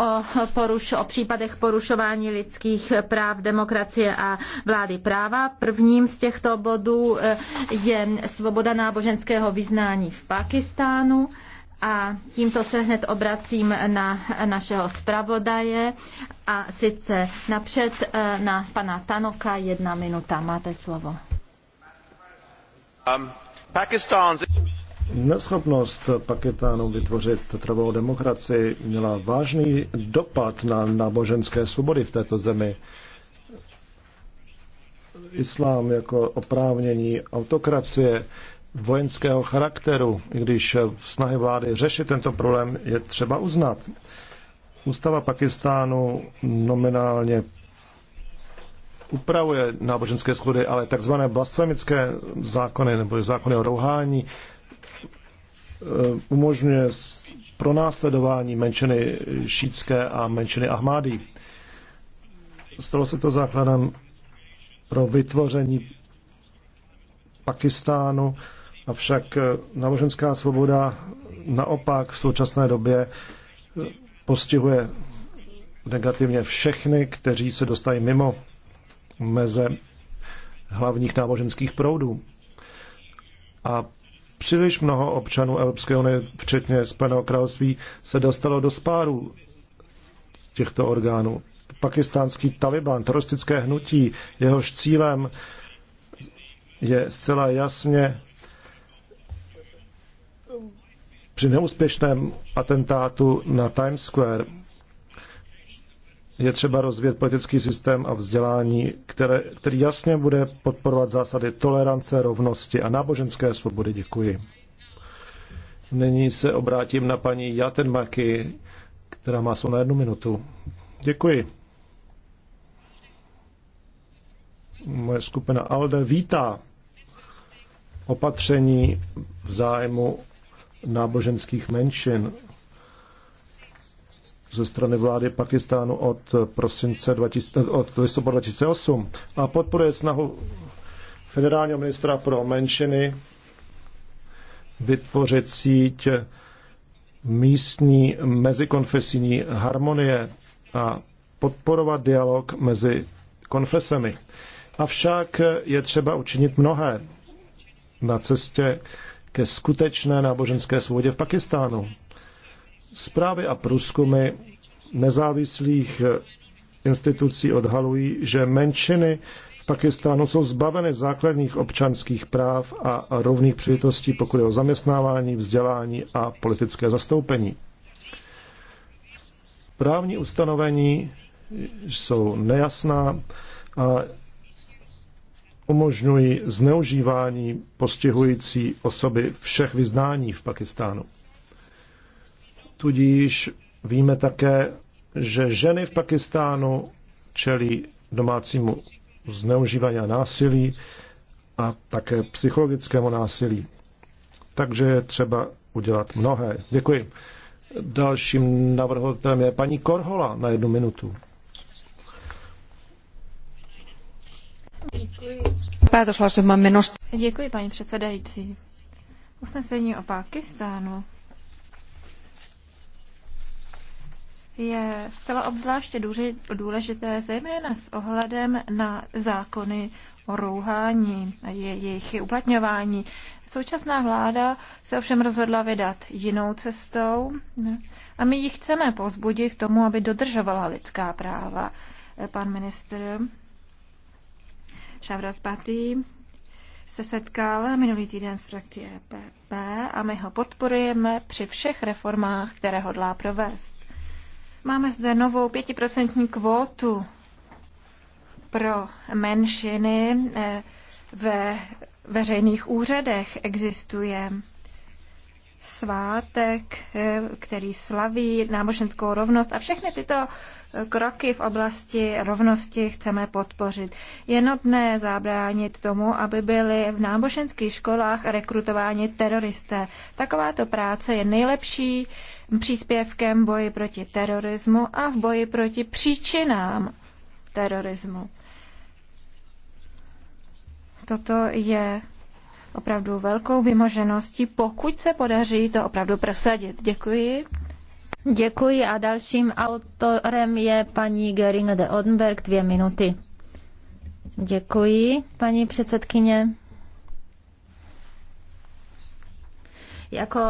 o, poruš, o případech porušování lidských práv, demokracie a vlády práva. Prvním z těchto bodů eh, je svoboda náboženského vyznání v Pakistánu. A tímto se hned obracím na našeho zpravodaje a sice napřed eh, na pana Tanoka jedna minuta. Máte slovo. Um, Neschopnost Pakistánu vytvořit trvalou demokracii měla vážný dopad na náboženské svobody v této zemi. Islám jako oprávnění autokracie vojenského charakteru, i když snahy vlády řešit tento problém je třeba uznat. Ústava Pakistánu nominálně upravuje náboženské schody, ale takzvané blasfemické zákony nebo zákony o rouhání Eh, umožňuje pronásledování menšiny šítské a menšiny Ahmádí. Stalo se to základem pro vytvoření Pakistánu, avšak eh, náboženská svoboda naopak v současné době eh, postihuje negativně všechny, kteří se dostají mimo meze hlavních náboženských proudů. A Příliš mnoho občanů Evropské unie, včetně Spojeného království, se dostalo do spáru těchto orgánů. Pakistánský Taliban, teroristické hnutí, jehož cílem je zcela jasně při neúspěšném atentátu na Times Square je třeba rozvíjet politický systém a vzdělání, které, který jasně bude podporovat zásady tolerance, rovnosti a náboženské svobody. Děkuji. Nyní se obrátím na paní Jatenmaky, která má slovo na jednu minutu. Děkuji. Moje skupina ALDE vítá opatření v zájmu náboženských menšin ze strany vlády Pakistánu od, prosince 2000, od listopadu 2008 a podporuje snahu federálního ministra pro menšiny vytvořit síť místní mezikonfesijní harmonie a podporovat dialog mezi konfesemi. Avšak je třeba učinit mnohé na cestě ke skutečné náboženské svobodě v Pakistánu. Zprávy a průzkumy nezávislých institucí odhalují, že menšiny v Pakistánu jsou zbaveny základních občanských práv a rovných příležitostí, pokud je o zaměstnávání, vzdělání a politické zastoupení. Právní ustanovení jsou nejasná a umožňují zneužívání postihující osoby všech vyznání v Pakistánu. Tudíž víme také, že ženy v Pakistánu čelí domácímu zneužívání a násilí a také psychologickému násilí. Takže je třeba udělat mnohé. Děkuji. Dalším navrhovatelem je paní Korhola na jednu minutu. Děkuji. Děkuji, paní předsedající. Usnesení o Pakistánu. je zcela obzvláště důležité, zejména s ohledem na zákony o rouhání a jejich uplatňování. Současná vláda se ovšem rozhodla vydat jinou cestou a my ji chceme pozbudit k tomu, aby dodržovala lidská práva. Pan ministr Šavras Batý se setkal minulý týden s frakcí EPP a my ho podporujeme při všech reformách, které hodlá provést. Máme zde novou pětiprocentní kvótu pro menšiny eh, ve veřejných úřadech existuje svátek, eh, který slaví náboženskou rovnost a všechny tyto eh, kroky v oblasti rovnosti chceme podpořit. Je nutné zabránit tomu, aby byly v náboženských školách rekrutováni teroristé. Takováto práce je nejlepší příspěvkem boji proti terorismu a v boji proti příčinám terorismu. Toto je opravdu velkou vymožeností, pokud se podaří to opravdu prosadit. Děkuji. Děkuji a dalším autorem je paní Göringa de Odenberg, dvě minuty. Děkuji, paní předsedkyně. Jako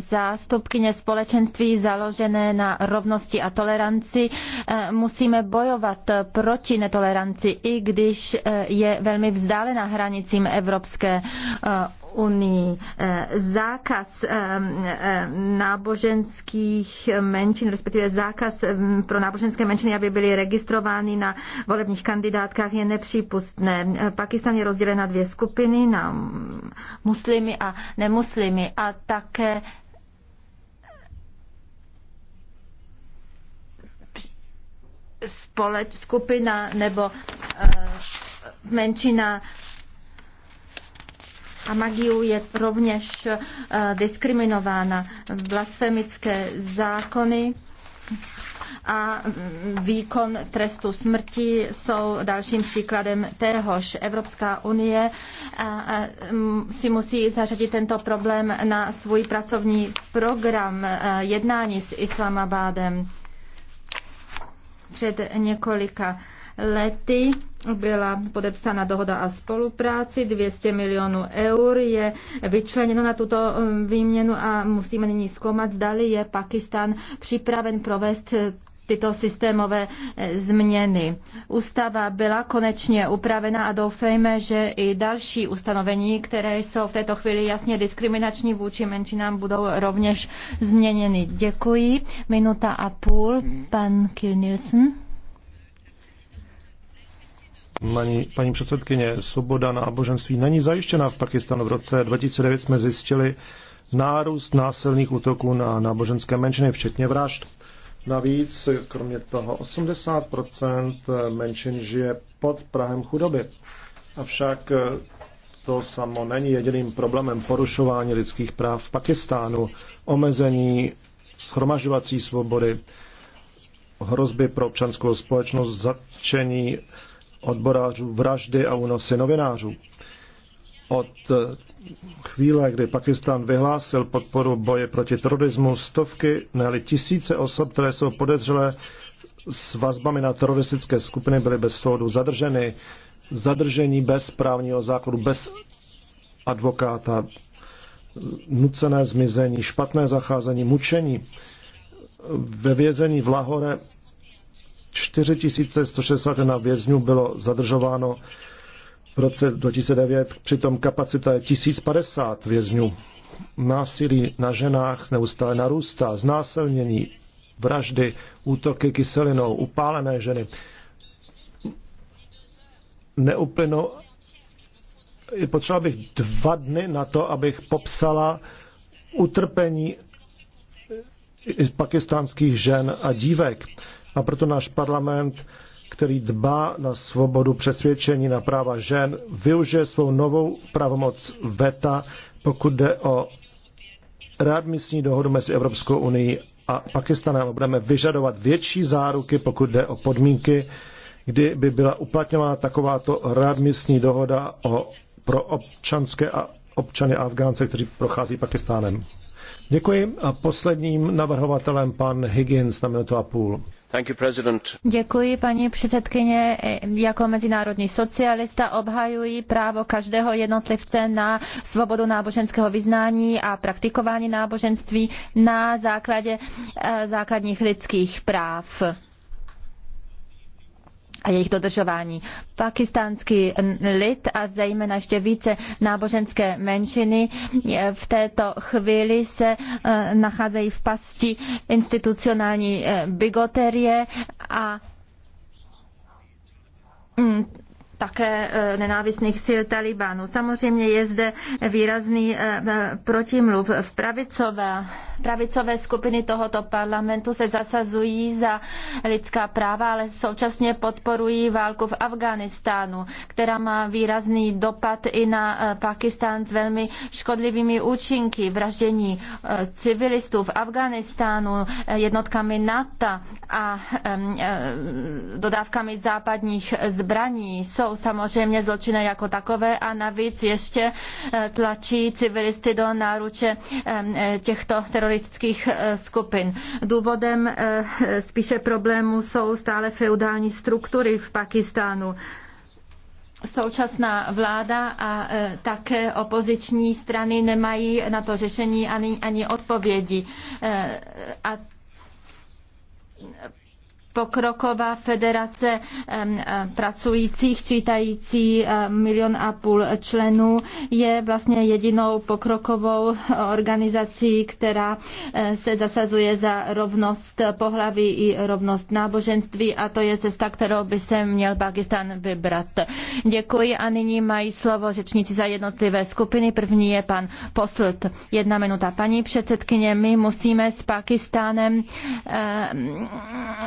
zástupkyně společenství založené na rovnosti a toleranci e, musíme bojovat proti netoleranci, i když e, je velmi vzdálená hranicím Evropské e, unii. Zákaz náboženských menšin, respektive zákaz pro náboženské menšiny, aby byly registrovány na volebních kandidátkách, je nepřípustné. Pakistan je rozdělen na dvě skupiny, na muslimy a nemuslimy a také společ, skupina nebo eh, menšina a magiu je rovněž eh, diskriminována. Blasfemické zákony a výkon trestu smrti jsou dalším příkladem téhož. Evropská unie eh, si musí zařadit tento problém na svůj pracovní program jednání s Islamabadem. Před několika lety byla podepsána dohoda o spolupráci, 200 milionů eur je vyčleněno na tuto um, výměnu a musíme nyní zkoumat, zdali je Pakistan připraven provést tyto systémové eh, změny. Ústava byla konečně upravena a doufejme, že i další ustanovení, které jsou v této chvíli jasně diskriminační vůči menšinám, budou rovněž změněny. Děkuji. Minuta a půl. Pan Kilnilsen. Paní, paní předsedkyně, svoboda náboženství není zajištěna v Pakistanu. V roce 2009 jsme zjistili nárůst násilných útoků na náboženské menšiny, včetně vražd. Navíc, kromě toho, 80 menšin žije pod Prahem chudoby. Avšak to samo není jediným problémem porušování lidských práv v Pakistánu, omezení schromažovací svobody, hrozby pro občanskou společnost, zatčení odborářů, vraždy a únosy novinářů. Od chvíle, kdy Pakistan vyhlásil podporu boje proti terorismu, stovky, ne tisíce osob, které jsou podezřelé s vazbami na teroristické skupiny, byly bez soudu zadrženy, zadržení bez právního základu, bez advokáta, nucené zmizení, špatné zacházení, mučení. Ve vězení v Lahore 4161 vězňů bylo zadržováno v roce 2009 přitom kapacita je 1050 vězňů. Násilí na ženách neustále narůstá, znásilnění, vraždy, útoky kyselinou, upálené ženy. Neuplynu, potřeba bych dva dny na to, abych popsala utrpení pakistánských žen a dívek. A proto náš parlament který dbá na svobodu přesvědčení, na práva žen, využije svou novou pravomoc VETA, pokud jde o readmisní dohodu mezi Evropskou unii a Pakistanem. Budeme vyžadovat větší záruky, pokud jde o podmínky, kdy by byla uplatňována takováto readmisní dohoda o, pro občanské a občany Afgánce, kteří prochází Pakistánem. Děkuji a posledním navrhovatelem pan Higgins na minutu a půl. You, Děkuji, paní předsedkyně. Jako mezinárodní socialista obhajuji právo každého jednotlivce na svobodu náboženského vyznání a praktikování náboženství na základě eh, základních lidských práv a jejich dodržování. Pakistánský lid a zejména ještě více náboženské menšiny v této chvíli se eh, nacházejí v pasti institucionální eh, bigoterie a mm, také eh, nenávistných sil Talibánu. Samozřejmě je zde výrazný protimluv v pravicové pravicové skupiny tohoto parlamentu se zasazují za lidská práva, ale současně podporují válku v Afghánistánu, která má výrazný dopad i na eh, Pakistán s velmi škodlivými účinky vraždění eh, civilistů v Afghánistánu eh, jednotkami NATO a dodávkami západních zbraní jsou samozřejmě zločiny jako takové a navíc ještě tlačí civilisty do náruče těchto teroristů socialistických eh, skupin. Důvodem eh, spíše problému jsou stále feudální struktury v Pakistánu současná vláda a eh, také opoziční strany nemají na to řešení ani, ani odpovědi. a pokroková federace e, pracujících, čítající e, milion a půl členů, je vlastně jedinou pokrokovou organizací, která e, se zasazuje za rovnost pohlaví i rovnost náboženství a to je cesta, kterou by se měl Pakistan vybrat. Děkuji a nyní mají slovo řečníci za jednotlivé skupiny. První je pan Poslt. Jedna minuta. Paní předsedkyně, my musíme s Pakistánem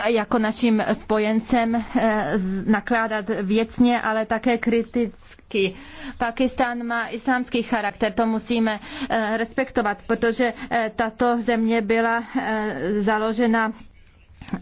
jako jako naším spojencem eh, nakládat věcně, ale také kriticky. Pakistan má islámský charakter, to musíme eh, respektovat, protože eh, tato země byla založena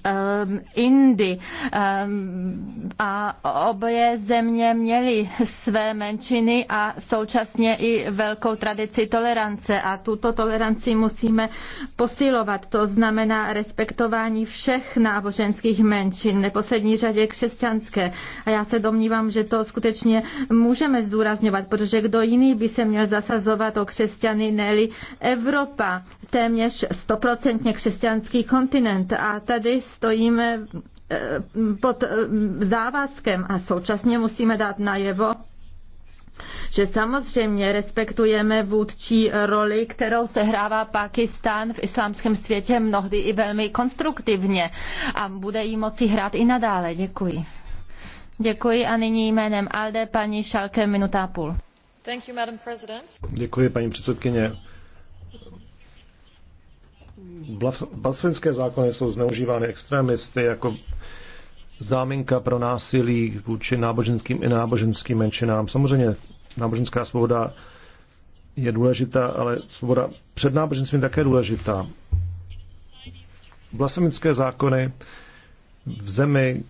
Ehm, Indy. Ehm, a obě země měly své menšiny a současně i velkou tradici tolerance. A tuto toleranci musíme posilovat. To znamená respektování všech náboženských menšin, neposlední řadě křesťanské. A já se domnívám, že to skutečně můžeme zdůrazňovat, protože kdo jiný by se měl zasazovat o křesťany, neli Evropa, téměř stoprocentně křesťanský kontinent. A tady stojíme eh, pod eh, závazkem a současně musíme dát najevo, že samozřejmě respektujeme vůdčí roli, kterou sehrává Pakistán v islámském světě mnohdy i velmi konstruktivně a bude jí moci hrát i nadále. Děkuji. Děkuji a nyní jménem ALDE paní Šalke minuta půl. Děkuji, paní předsedkyně. Blasvinské zákony jsou zneužívány extremisty jako záminka pro násilí vůči náboženským i náboženským menšinám. Samozřejmě náboženská svoboda je důležitá, ale svoboda před náboženstvím také důležitá. Blasfemické zákony v zemi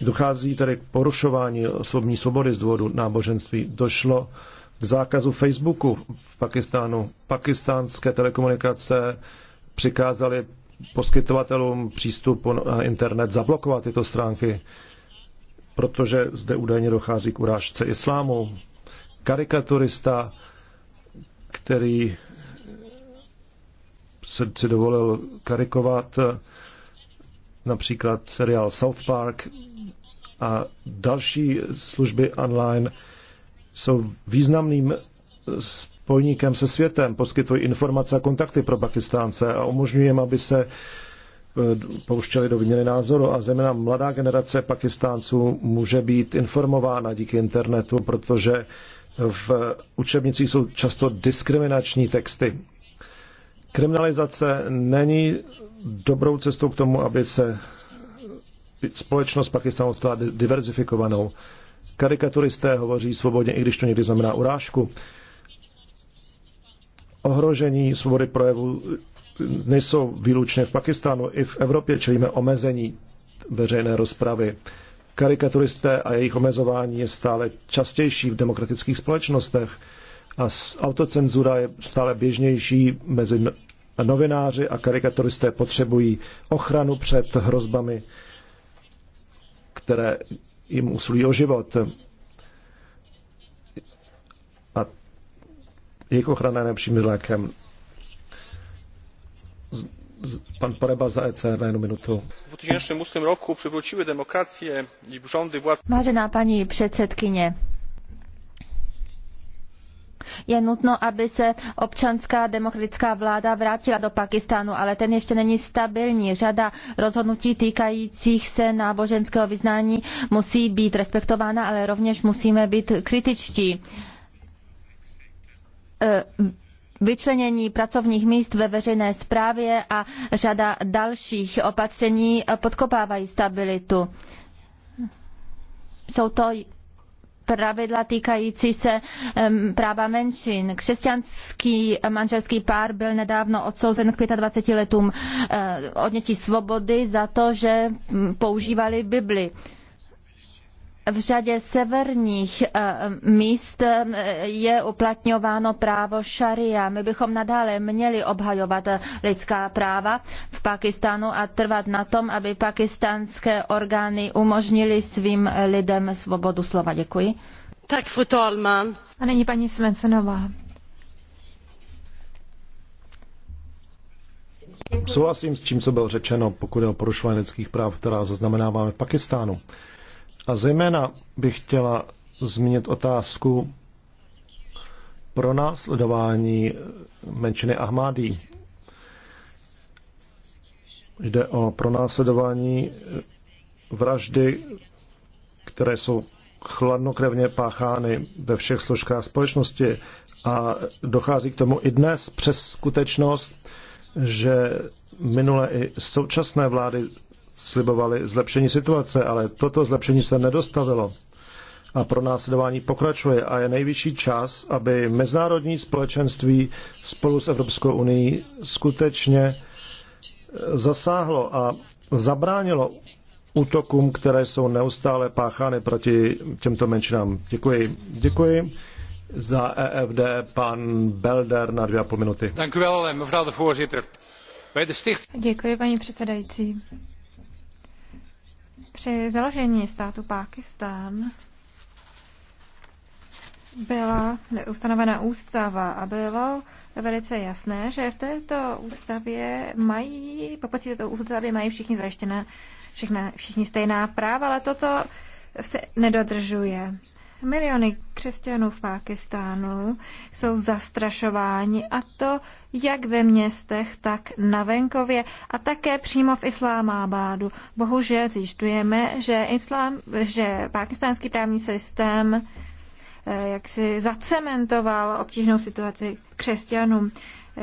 dochází tedy k porušování osobní svobody z důvodu náboženství. Došlo k zákazu Facebooku v Pakistánu, pakistánské telekomunikace přikázali poskytovatelům přístupu na internet zablokovat tyto stránky, protože zde údajně dochází k urážce islámu. Karikaturista, který se si dovolil karikovat například seriál South Park a další služby online jsou významným spojníkem se světem, poskytují informace a kontakty pro Pakistánce a umožňují jim, aby se eh, pouštěli do výměny názoru a zejména mladá generace Pakistánců může být informována díky internetu, protože v učebnicích jsou často diskriminační texty. Kriminalizace není dobrou cestou k tomu, aby se společnost Pakistánu stala diverzifikovanou. Karikaturisté hovoří svobodně, i když to někdy znamená urážku ohrožení svobody projevu nejsou výlučně v Pakistánu, i v Evropě čelíme omezení veřejné rozpravy. Karikaturisté a jejich omezování je stále častější v demokratických společnostech a autocenzura je stále běžnější mezi no- novináři a karikaturisté potřebují ochranu před hrozbami, které jim usilují o život. jejich ochrana je lékem. Z, z, pan Poreba za ECR na jednu minutu. V 2008 roku přivrócili demokracie i rządy vlád... Vážená paní předsedkyně, je nutno, aby se občanská demokratická vláda vrátila do Pakistánu, ale ten ještě není stabilní. Řada rozhodnutí týkajících se náboženského vyznání musí být respektována, ale rovněž musíme být kritičtí Eh, vyčlenění pracovních míst ve veřejné správě a řada dalších opatření eh, podkopávají stabilitu. Jsou to pravidla týkající se práva menšin. Křesťanský manželský pár byl nedávno odsouzen k 25 letům eh, odnětí svobody za to, že mm, používali Bibli v řadě severních eh, míst eh, je uplatňováno právo šaria. My bychom nadále měli obhajovat eh, lidská práva v Pakistánu a trvat na tom, aby pakistánské orgány umožnili svým lidem svobodu slova. Děkuji. Tak, fru A nyní paní Svensenová. Souhlasím s tím, co bylo řečeno, pokud je o porušování lidských práv, která zaznamenáváme v Pakistánu. A zejména bych chtěla zmínit otázku pro následování menšiny Ahmadí. Jde o pronásledování vraždy, které jsou chladnokrevně páchány ve všech složkách společnosti a dochází k tomu i dnes přes skutečnost, že minulé i současné vlády slibovali zlepšení situace, ale toto zlepšení se nedostavilo. A pro následování pokračuje a je nejvyšší čas, aby mezinárodní společenství spolu s Evropskou unii skutečně eh, zasáhlo a zabránilo útokům, které jsou neustále páchány proti těmto menšinám. Děkuji. Děkuji. Za EFD pan Belder na dvě a půl minuty. Děkuji, paní předsedající. Při založení státu Pákistán byla ustanovena ústava a bylo velice jasné, že v této ústavě mají, po pocí této ústavě mají všichni zajištěné všichni všichni stejná práva, ale toto se nedodržuje. Miliony křesťanů v Pákistánu jsou zastrašováni a to jak ve městech, tak na venkově a také přímo v Islámábádu. Bohužel zjišťujeme, že, islám, že pákistánský právní systém eh, jak si zacementoval obtížnou situaci křesťanům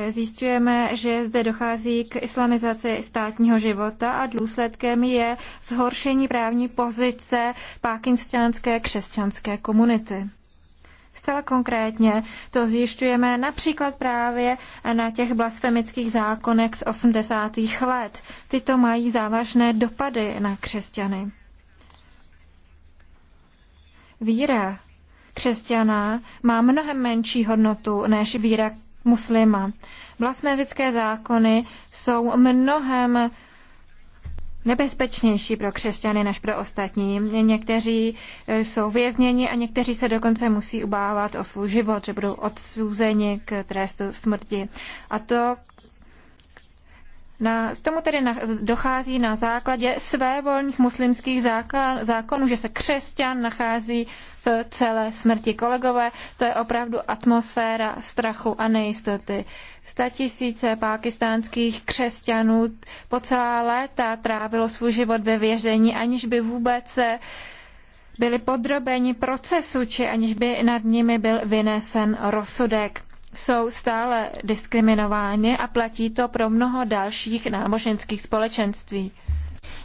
zjišťujeme, že zde dochází k islamizaci státního života a důsledkem je zhoršení právní pozice pákinstánské křesťanské komunity. Zcela konkrétně to zjišťujeme například právě na těch blasfemických zákonech z 80. let. Tyto mají závažné dopady na křesťany. Víra křesťana má mnohem menší hodnotu než víra muslima. Blasmevické zákony jsou mnohem nebezpečnější pro křesťany než pro ostatní. Někteří eh, jsou vězněni a někteří se dokonce musí ubávat o svůj život, že budou odsouzeni k trestu smrti. A to na, k tomu tedy na, dochází na základě svévolných muslimských zákon, zákonů, že se křesťan nachází v celé smrti. Kolegové, to je opravdu atmosféra strachu a nejistoty. Statisíce pákistánských křesťanů po celá léta trávilo svůj život ve vězení, aniž by vůbec byli podrobeni procesu, či aniž by nad nimi byl vynesen rozsudek jsou stále diskriminováni a platí to pro mnoho dalších náboženských společenství.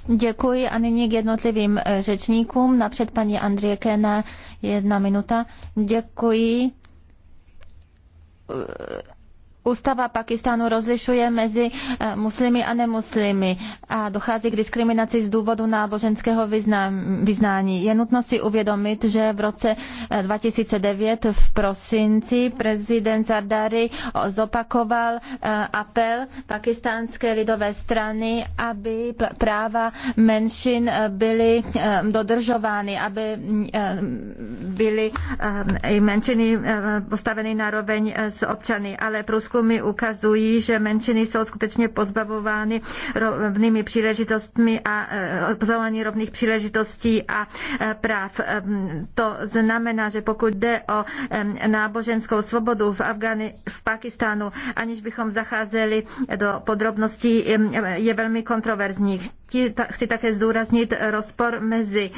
Děkuji a nyní k jednotlivým eh, řečníkům. Napřed paní Andrie Kena, jedna minuta. Děkuji eh, Ústava Pakistánu rozlišuje mezi eh, muslimy a nemuslimy a dochází k diskriminaci z důvodu náboženského vyznání. Je nutno si uvědomit, že v roce 2009 eh, v prosinci prezident Zardari zopakoval eh, apel pakistánské lidové strany, aby práva menšin byly dodržovány, aby byly menšiny postaveny na roveň s občany, ale průzkum průzkumy ukazují, že menšiny jsou skutečně pozbavovány rovnými příležitostmi a e, pozbavovány rovných příležitostí a e, práv. E, to znamená, že pokud jde o náboženskou svobodu v, Afgani, v Pakistánu, aniž bychom zacházeli do podrobností, je velmi kontroverzní. Chci také zdůraznit rozpor mezi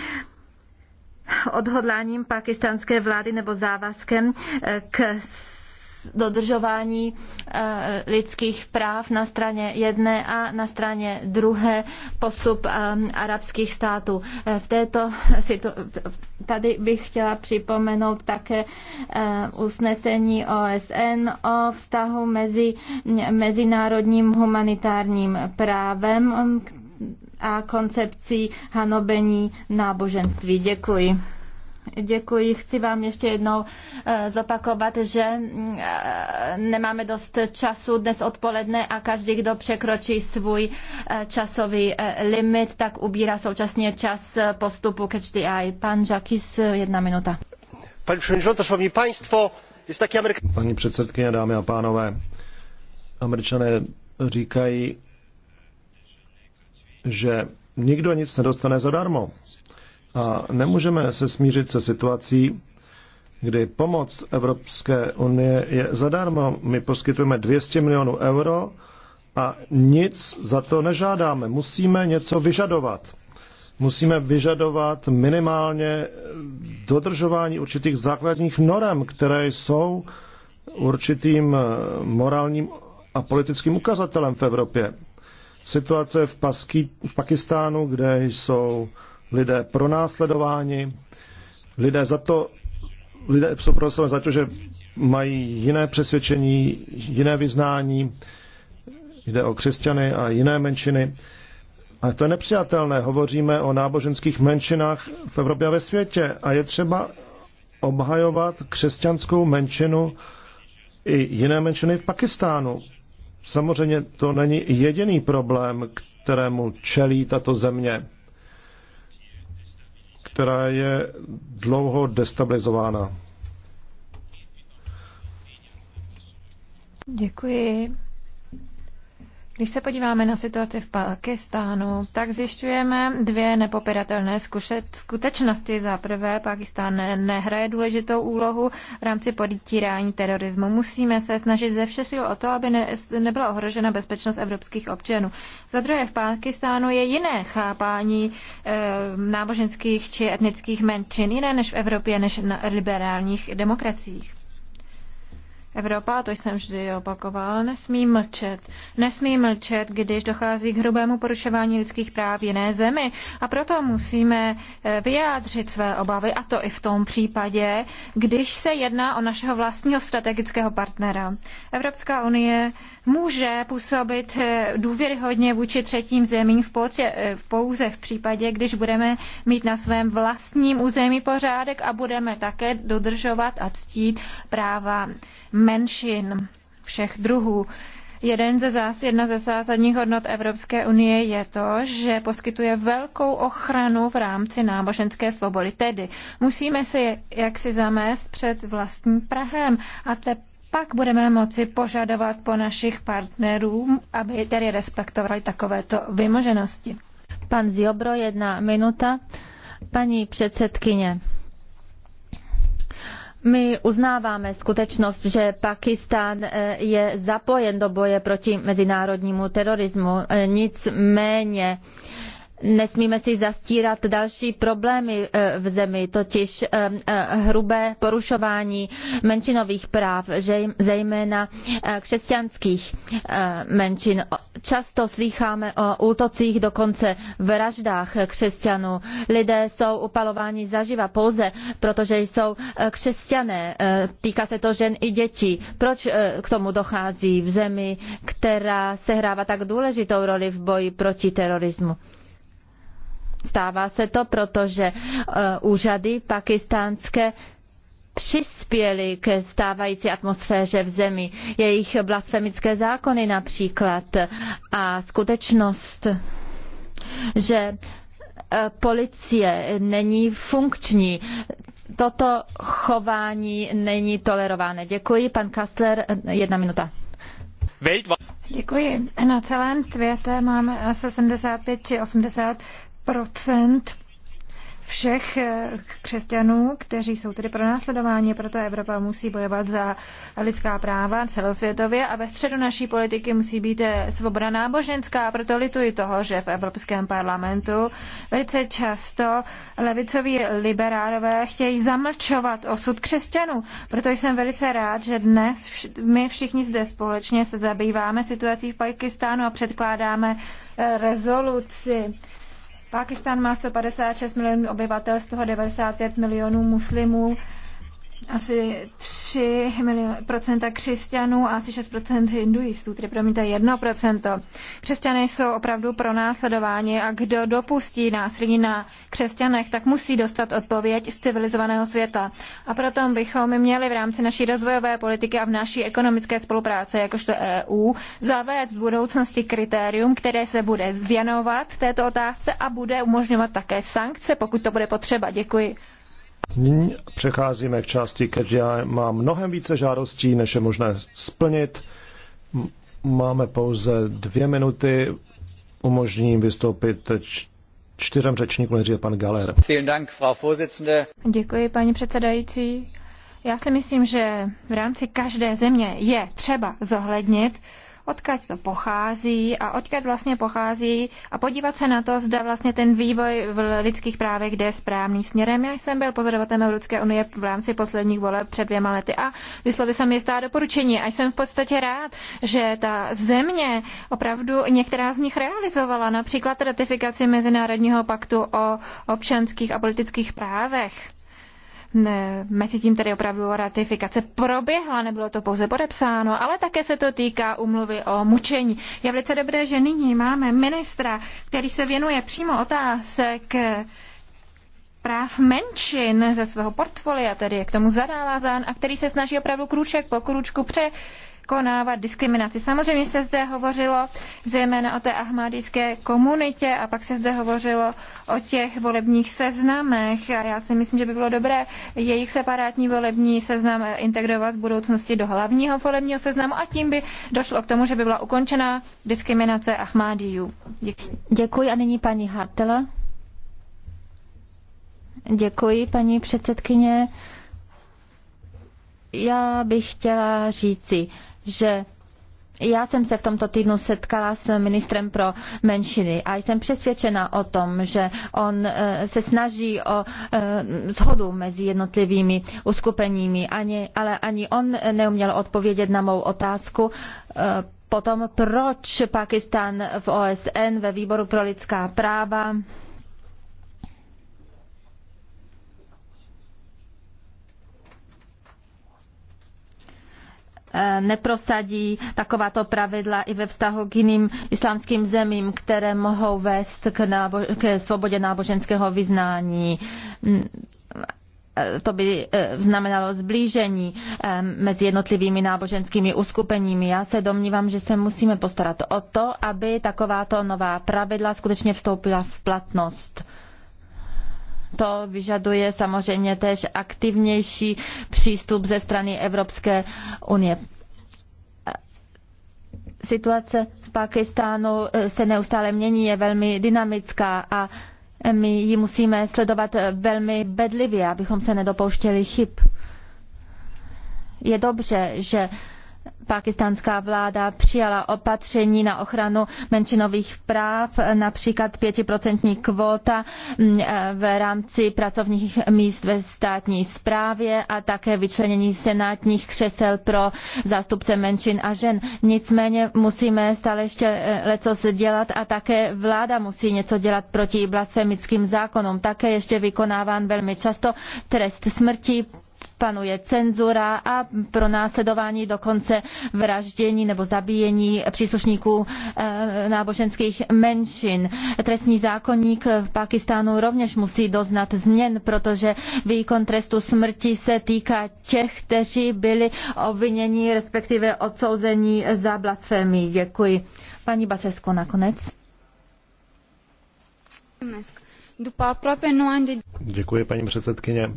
odhodláním pakistánské vlády nebo závazkem k dodržování eh, lidských práv na straně jedné a na straně druhé postup eh, arabských států. Eh, v této tady bych chtěla připomenout také usnesení OSN o vztahu mezi mezinárodním humanitárním právem a koncepcí hanobení náboženství. Děkuji. Děkuji. Chci vám ještě jednou eh, zopakovat, že mm, eh, nemáme dost času dnes odpoledne a každý, kdo překročí svůj eh, časový limit, tak ubírá současně čas postupu ke HDI. Pan Žakis, jedna minuta. Pani szanowni państwo, jest taki Paní předsedkyně, dámy a pánové, američané říkají, že nikdo nic nedostane zadarmo. A nemůžeme se smířit se situací, kdy pomoc Evropské unie je zadarmo. My poskytujeme 200 milionů euro a nic za to nežádáme. Musíme něco vyžadovat. Musíme vyžadovat minimálně dodržování určitých základních norem, které jsou určitým morálním a politickým ukazatelem v Evropě. Situace v, Pasky, v Pakistánu, kde jsou lidé pronásledováni, lidé za to, lidé jsou pronásledováni za to, že mají jiné přesvědčení, jiné vyznání, jde o křesťany a jiné menšiny. A to je nepřijatelné. Hovoříme o náboženských menšinách v Evropě a ve světě. A je třeba obhajovat křesťanskou menšinu i jiné menšiny v Pakistánu. Samozřejmě to není jediný problém, kterému čelí tato země která je dlouho destabilizována. Děkuji. Když se podíváme na situaci v Pakistánu, tak zjišťujeme dvě nepopiratelné skutečnosti. Za prvé, Pakistán nehraje důležitou úlohu v rámci podítírání terorismu. Musíme se snažit ze všech sil o to, aby ne, nebyla ohrožena bezpečnost evropských občanů. Za druhé, v Pakistánu je jiné chápání e, náboženských či etnických menšin, jiné než v Evropě, než na liberálních demokraciích. Evropa, to jsem vždy opakoval, nesmí mlčet. Nesmí mlčet, když dochází k hrubému porušování lidských práv jiné zemi. A proto musíme eh, vyjádřit své obavy, a to i v tom případě, když se jedná o našeho vlastního strategického partnera. Evropská unie může působit eh, důvěryhodně vůči třetím zemím v pouze, eh, pouze v případě, když budeme mít na svém vlastním území pořádek a budeme také dodržovat a ctít práva menšin všech druhů. Jeden ze zás, jedna ze zásadních hodnot Evropské unie je to, že poskytuje velkou ochranu v rámci náboženské svobody. Tedy musíme si jaksi zamést před vlastním Prahem a te pak budeme moci požadovat po našich partnerů, aby tedy respektovali takovéto vymoženosti. Pan Ziobro, jedna minuta. Paní předsedkyně, my uznáváme skutečnost, že Pakistán eh, je zapojen do boje proti mezinárodnímu terorismu. Eh, nicméně Nesmíme si zastírat další problémy eh, v zemi, totiž eh, eh, hrubé porušování menšinových práv, zejména křesťanských menšin. Často slýcháme o útocích, dokonce vraždách křesťanů. Lidé jsou upalováni zaživa pouze, protože jsou křesťané. Týká se to žen i dětí. Proč k tomu dochází v zemi, která sehrává tak důležitou roli v boji proti terorismu? Stává se to, protože eh, úřady pakistánské přispěly ke stávající atmosféře v zemi. Jejich blasfemické zákony například a skutečnost, že eh, policie není funkční. Toto chování není tolerováno. Děkuji, pan Kastler, jedna minuta. Děkuji. Na celém světě máme asi 75 či 80 procent všech eh, křesťanů, kteří jsou tedy pronásledováni, proto Evropa musí bojovat za lidská práva celosvětově a ve středu naší politiky musí být eh, svoboda náboženská, proto lituji toho, že v Evropském parlamentu velice často levicoví liberárové chtějí zamlčovat osud křesťanů. Proto jsem velice rád, že dnes my všichni zde společně se zabýváme situací v Pakistánu a předkládáme eh, rezoluci Pákistán má 156 milionů obyvatel, z toho 95 milionů muslimů asi 3 procenta křesťanů a asi 6% hinduistů, tedy promiňte 1%. Křesťané jsou opravdu pro následování a kdo dopustí násilí na křesťanech, tak musí dostat odpověď z civilizovaného světa. A proto bychom měli v rámci naší rozvojové politiky a v naší ekonomické spolupráce, jakožto EU, zavést v budoucnosti kritérium, které se bude věnovat této otázce a bude umožňovat také sankce, pokud to bude potřeba. Děkuji. Nyní přecházíme k části, kde já mám mnohem více žádostí, než je možné splnit. Máme pouze dvě minuty, umožním vystoupit čtyřem řečníkům, než je pan Galer. Děkuji, paní předsedající. Já si myslím, že v rámci každé země je třeba zohlednit, odkud to pochází a odkud vlastně pochází a podívat se na to, zda vlastně ten vývoj v lidských právech jde správným směrem. Já jsem byl pozorovatelem Evropské unie v rámci posledních voleb před dvěma lety a vyslovil jsem jistá doporučení a jsem v podstatě rád, že ta země opravdu některá z nich realizovala, například ratifikaci Mezinárodního paktu o občanských a politických právech mezi tím tedy opravdu ratifikace proběhla, nebylo to pouze podepsáno, ale také se to týká umluvy o mučení. Je velice dobré, že nyní máme ministra, který se věnuje přímo otázek práv menšin ze svého portfolia, tedy je k tomu zán, a který se snaží opravdu krůček po krůčku pře překonávat diskriminaci. Samozřejmě se zde hovořilo zejména o té ahmadijské komunitě a pak se zde hovořilo o těch volebních seznamech a já si myslím, že by bylo dobré jejich separátní volební seznam integrovat v budoucnosti do hlavního volebního seznamu a tím by došlo k tomu, že by byla ukončena diskriminace Ahmadijů. Děkuji. Děkuji a nyní paní Hartela. Děkuji, paní předsedkyně. Já bych chtěla říci, že já jsem se v tomto týdnu setkala s ministrem pro menšiny a jsem přesvědčena o tom, že on eh, se snaží o eh, shodu mezi jednotlivými uskupeními, ani, ale ani on neuměl odpovědět na mou otázku, eh, potom proč Pakistan v OSN ve výboru pro lidská práva neprosadí takováto pravidla i ve vztahu k jiným islámským zemím, které mohou vést k, nábo- k svobodě náboženského vyznání to by eh, znamenalo zblížení eh, mezi jednotlivými náboženskými uskupeními. Já se domnívám, že se musíme postarat o to, aby takováto nová pravidla skutečně vstoupila v platnost to vyžaduje samozřejmě též aktivnější přístup ze strany Evropské unie. Situace v Pakistánu eh, se neustále mění, je velmi dynamická a my ji musíme sledovat velmi bedlivě, abychom se nedopouštěli chyb. Je dobře, že Pákistánská vláda přijala opatření na ochranu menšinových práv, například pětiprocentní kvóta mm, eh, v rámci pracovních míst ve státní správě a také vyčlenění senátních křesel pro zástupce menšin a žen. Nicméně musíme stále ještě eh, leco dělat a také vláda musí něco dělat proti blasfemickým zákonům. Také ještě vykonáván velmi často trest smrti panuje cenzura a pro dokonce vraždění nebo zabíjení příslušníků eh, náboženských menšin. Trestní zákonník v Pakistánu rovněž musí doznat změn, protože výkon trestu smrti se týká těch, kteří byli obviněni, respektive odsouzeni za blasfémii. Děkuji. Paní Basesko, nakonec. Děkuji, paní předsedkyně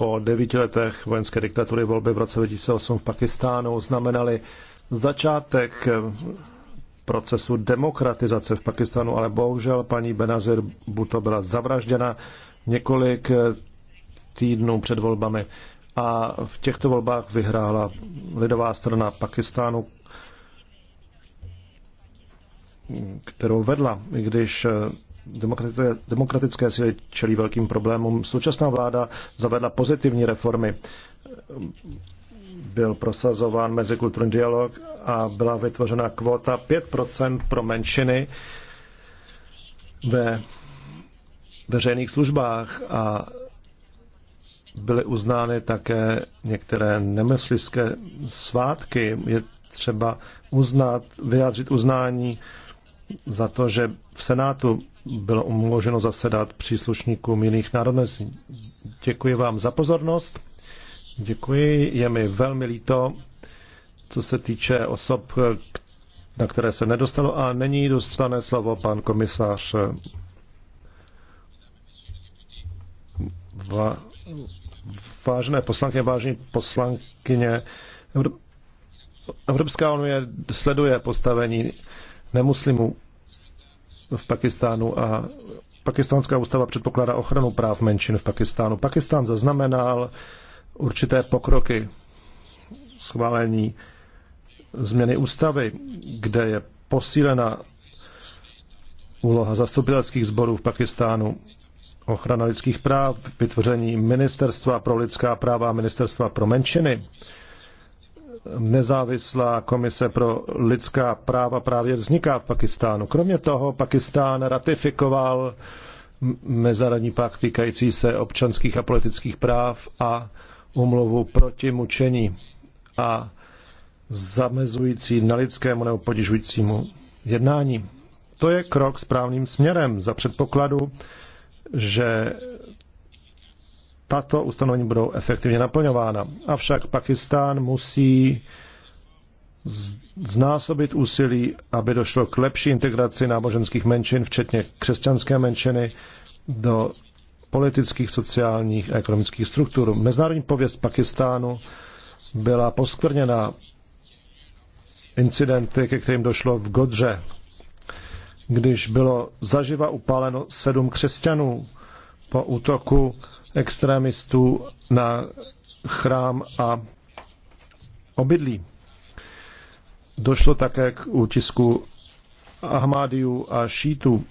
po devíti letech vojenské diktatury volby v roce 2008 v Pakistánu znamenaly začátek eh, procesu demokratizace v Pakistánu, ale bohužel paní Benazir Bhutto byla zavražděna několik eh, týdnů před volbami a v těchto volbách vyhrála lidová strana Pakistánu, kterou vedla, i když eh, demokratické, demokratické síly čelí velkým problémům. Současná vláda zavedla pozitivní reformy. Byl prosazován mezikulturní dialog a byla vytvořena kvota 5% pro menšiny ve veřejných službách a byly uznány také některé nemyslické svátky. Je třeba uznat, vyjádřit uznání za to, že v Senátu bylo umoženo zasedat příslušníkům jiných národností. Děkuji vám za pozornost. Děkuji, je mi velmi líto, co se týče osob, na které se nedostalo a není dostane slovo pan komisář Va, vážené poslankyně, vážení poslankyně, Evropská unie sleduje postavení nemuslimů v Pakistánu a pakistánská ústava předpokládá ochranu práv menšin v Pakistánu. Pakistán zaznamenal určité pokroky schválení změny ústavy, kde je posílena úloha zastupitelských sborů v Pakistánu, ochrana lidských práv, vytvoření Ministerstva pro lidská práva a Ministerstva pro menšiny nezávislá komise pro lidská práva právě vzniká v Pakistánu. Kromě toho Pakistán ratifikoval mezinárodní pakt týkající se občanských a politických práv a umluvu proti mučení a zamezující nelidskému nebo podižujícímu jednání. To je krok správným směrem za předpokladu, že tato ustanovení budou efektivně naplňována. Avšak Pakistán musí znásobit úsilí, aby došlo k lepší integraci náboženských menšin, včetně křesťanské menšiny, do politických, sociálních a ekonomických struktur. Mezinárodní pověst Pakistánu byla poskvrněna incidenty, ke kterým došlo v Godře, když bylo zaživa upáleno sedm křesťanů po útoku extremistů na chrám a obydlí. Došlo také k útisku Ahmádiů a šítů.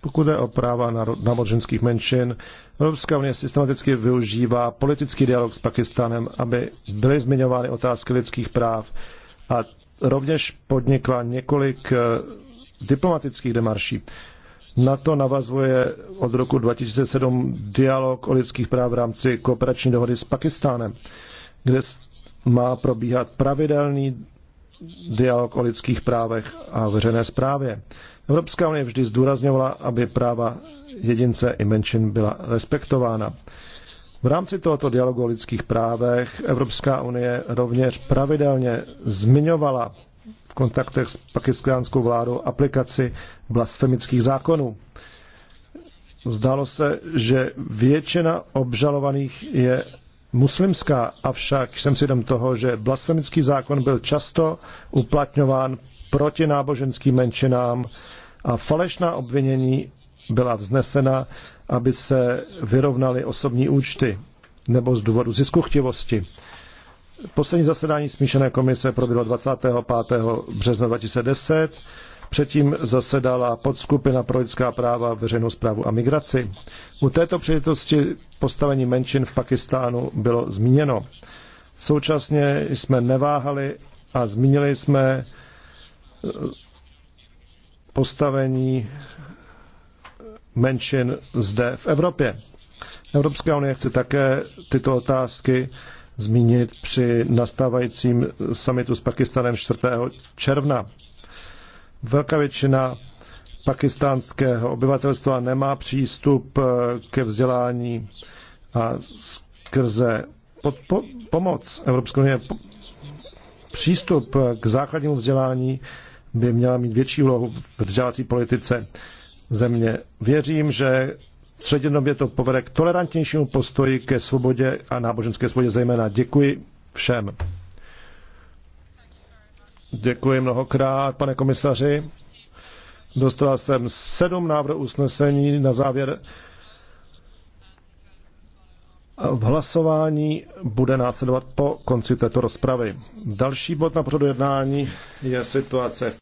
Pokud je o práva náboženských menšin, Evropská unie systematicky využívá politický dialog s Pakistanem, aby byly zmiňovány otázky lidských práv a rovněž podnikla několik eh, diplomatických demarší. Na to navazuje od roku 2007 dialog o lidských práv v rámci kooperační dohody s Pakistánem, kde má probíhat pravidelný dialog o lidských právech a veřejné správě. Evropská unie vždy zdůrazňovala, aby práva jedince i menšin byla respektována. V rámci tohoto dialogu o lidských právech Evropská unie rovněž pravidelně zmiňovala v kontaktech s pakistánskou vládou aplikaci blasfemických zákonů. Zdálo se, že většina obžalovaných je muslimská, avšak jsem si dom toho, že blasfemický zákon byl často uplatňován proti náboženským menšinám a falešná obvinění byla vznesena, aby se vyrovnaly osobní účty nebo z důvodu ziskuchtivosti. Poslední zasedání smíšené komise proběhlo 25. března 2010. Předtím zasedala podskupina pro lidská práva, veřejnou zprávu a migraci. U této příležitosti postavení menšin v Pakistánu bylo zmíněno. Současně jsme neváhali a zmínili jsme eh, postavení menšin zde v Evropě. Evropská unie chce také tyto otázky zmínit při nastávajícím summitu s Pakistanem 4. června. Velká většina pakistánského obyvatelstva nemá přístup eh, ke vzdělání a skrze pod, po, pomoc Evropské unie přístup eh, k základnímu vzdělání by měla mít větší úlohu v vzdělávací politice země. Věřím, že střednědobě to povede k tolerantnějšímu postoji ke svobodě a náboženské svobodě zejména. Děkuji všem. Děkuji mnohokrát, pane komisaři. Dostal jsem sedm návrhů usnesení na závěr. V hlasování bude následovat po konci této rozpravy. Další bod na pořadu jednání je situace v